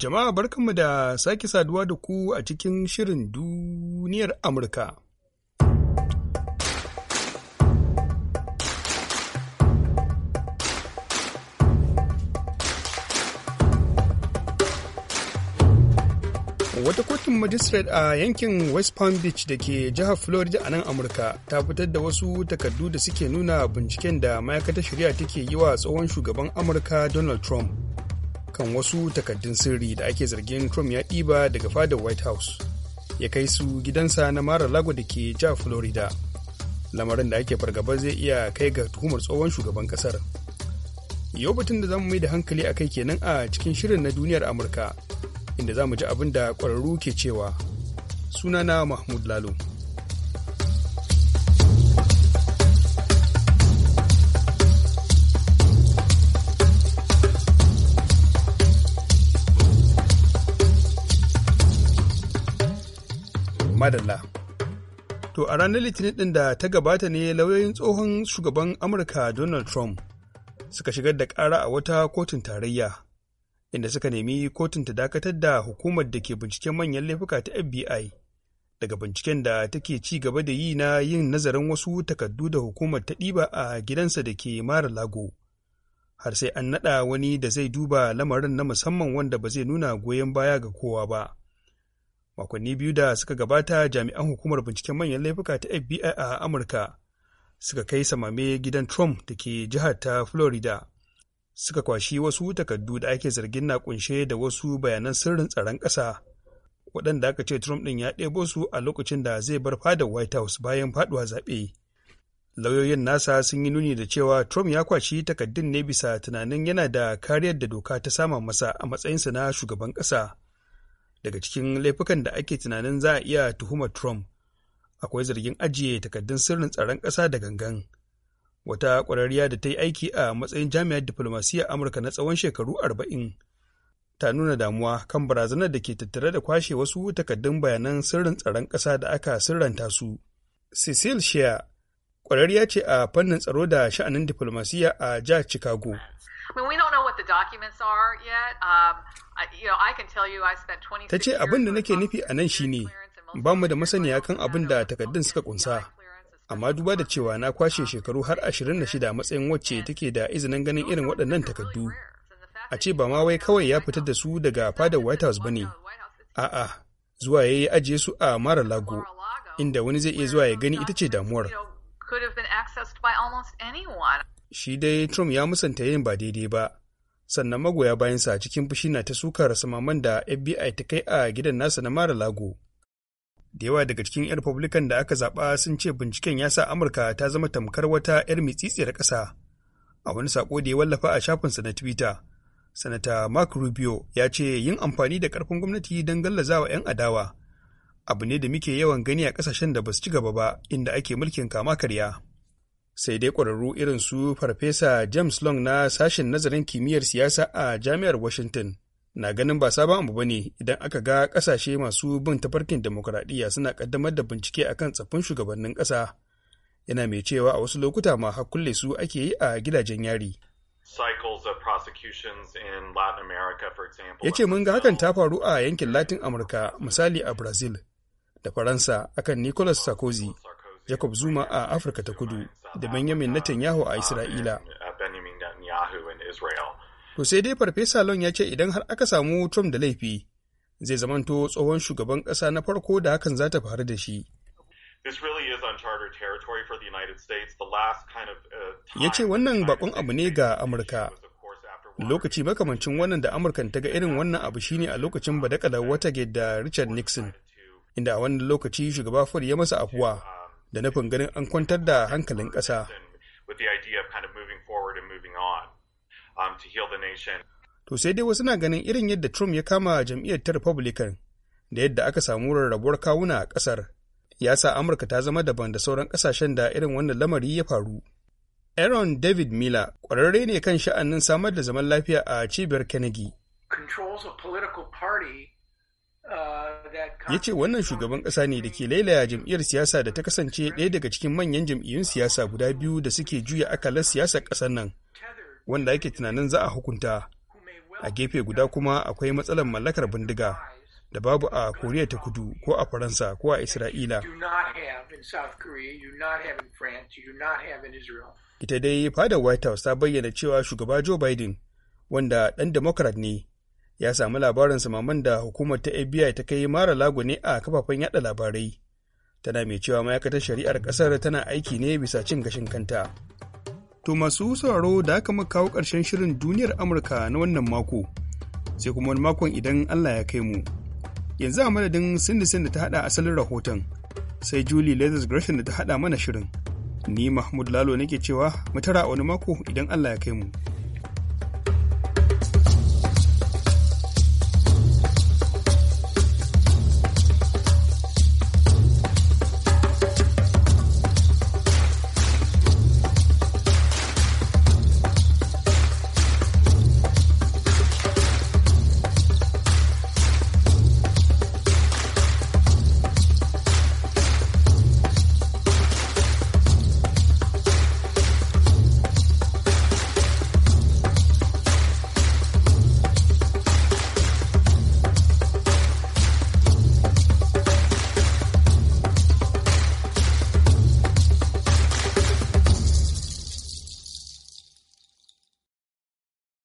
Jama'a barkanmu da sake saduwa da ku a cikin shirin duniyar Amurka. Wata kotun majistret a yankin West Palm Beach da ke jihar Florida a nan Amurka ta fitar da wasu takardu da suke nuna binciken da ma'aikatar shari'a take yi wa tsohon shugaban Amurka Donald Trump. kan wasu takaddun sirri da ake zargin Trump ya ɗiba daga fadar White House ya kai su gidansa na mara lago da ke ja Florida. Lamarin da ake fargaba zai iya kai ga tuhumar tsohon shugaban kasar. Yau batun da zamu mai da hankali a kai kenan a cikin shirin na duniyar Amurka, inda zamu ji abin da ƙwararru ke cewa. Sunana Mahmud Lalo. madalla to a ranar litinin ɗin da ta gabata ne lauyoyin tsohon shugaban amurka donald trump suka shigar da ƙara a wata kotun tarayya inda suka nemi kotun ta dakatar da hukumar da ke binciken manyan laifuka ta FBI daga binciken da take ci gaba da yi na yin nazarin wasu takardu da hukumar ta ɗiba a gidansa da ke mara lago har sai an naɗa wani da zai duba lamarin na musamman wanda ba zai nuna goyon baya ga kowa ba makonni biyu da suka gabata jami'an hukumar binciken manyan laifuka ta fbi a amurka suka kai samame gidan trump da ke jihar ta florida suka kwashi wasu takardu da ake zargin na kunshe da wasu bayanan sirrin tsaron ƙasa waɗanda aka ce trump ɗin ya ɗebo su a lokacin da zai bar fadar white house bayan faduwa zaɓe lauyoyin nasa sun yi nuni da cewa trump ya kwashi takardun ne bisa tunanin yana da kariyar da doka ta sama masa a matsayinsa na shugaban ƙasa daga cikin laifukan da ake tunanin za a iya tuhumar Trump akwai zargin ajiye takaddun sirrin tsaron ƙasa da gangan. Wata ƙwararriya da ta yi aiki a matsayin jami'ar diflomasiyyar Amurka na tsawon shekaru arba'in ta nuna damuwa kan barazanar da ke tattare da kwashe wasu takaddun bayanan sirrin tsaron ƙasa da aka sirranta su. Cecil Shea ƙwararriya ce a fannin tsaro da sha'anin diplomasiyya a jihar Chicago. we documents are yet. Um, you Ta ce abin da nake nufi a nan shine ba mu da masaniya kan abin da takaddun suka kunsa. Amma duba da cewa na kwashe shekaru har 26 matsayin wacce take da izinin ganin irin waɗannan takaddu. A ce ba ma wai kawai ya fitar da su daga fadar White House bane. A'a, zuwa ya yi ajiye su a Mara Lago, inda wani zai iya zuwa ya gani ita ce damuwar. Shi dai Trump ya musanta yin ba daidai ba, sannan magoya bayansa cikin fushi na ta sukar samaman da FBI ta kai a gidan nasa na Mara Lago. Da yawa daga cikin 'yan Republican da aka zaɓa sun ce binciken ya sa Amurka ta zama tamkar wata 'yar mitsitsiyar ƙasa. A wani saƙo da ya wallafa a shafinsa na Twitter, Sanata Mark Rubio ya ce yin amfani da ƙarfin gwamnati don gallazawa 'yan adawa abu ne da muke yawan gani a ƙasashen da ba su ci gaba ba inda ake mulkin kama karya. sai dai ƙwararru irin su farfesa james long na sashen nazarin kimiyyar siyasa a jami'ar washington na ganin ba sabon abu ba ne idan aka ga ƙasashe masu bin tafarkin demokuraɗiyya suna ƙaddamar da bincike a kan tsaffin shugabannin ƙasa yana mai cewa a wasu lokuta ma kulle su ake yi a gidajen yari ya ce mun ga hakan ta faru a yankin latin amurka misali a brazil da faransa akan nicolas sarkozy Jacob Zuma a Afirka ta Kudu da Benjamin Netanyahu a Isra'ila. To sai dai Farfesa Lon ya ce idan har aka samu Trump da laifi, zai zamanto tsohon shugaban ƙasa na farko da hakan za ta faru da shi. Uh, ya ce wannan bakon abu ne ga Amurka. Lokaci makamancin wannan da Amurkan ta ga irin wannan abu shine a lokacin badakalar Watergate da Richard Nixon, inda a wannan lokaci shugaba Ford ya masa afuwa. da nufin ganin an kwantar da hankalin ƙasa. Um, to sai dai wasu na ganin irin yadda Trump ya kama jam'iyyar ta Republican da yadda aka samu rarrabuwar kawuna a ƙasar ya sa Amurka ta zama daban da sauran ƙasashen da irin wannan lamari ya faru. Aaron David Miller ƙwararre ne kan sha'anin samar da zaman lafiya a cibiyar Kennedy. Controls political ya ce wannan shugaban ƙasa ne da ke lailaya jam'iyyar siyasa da ta kasance ɗaya daga cikin manyan jam'iyyun siyasa guda biyu da suke juya akalar siyasar ƙasar nan wanda ake tunanin za a hukunta a gefe guda kuma akwai matsalar mallakar bindiga da babu a koriya ta kudu ko a faransa ko a isra'ila ita dai fadar white house ta bayyana cewa shugaba joe biden wanda ɗan democrat ne ya samu labarin samaman da hukumar ta FBI ta kai mara lago ne a kafafen yada labarai. Tana mai cewa ma'aikatar shari'ar kasar tana aiki ne bisa cin gashin kanta. To masu sauraro da aka muka kawo ƙarshen shirin duniyar Amurka na wannan mako, sai kuma wani makon idan Allah ya kai mu. Yanzu a madadin sindi da ta haɗa asalin rahoton, sai Julie Leathers Gresham da ta haɗa mana shirin. Ni Mahmud Lalo nake cewa mu tara wani mako idan Allah ya kai mu.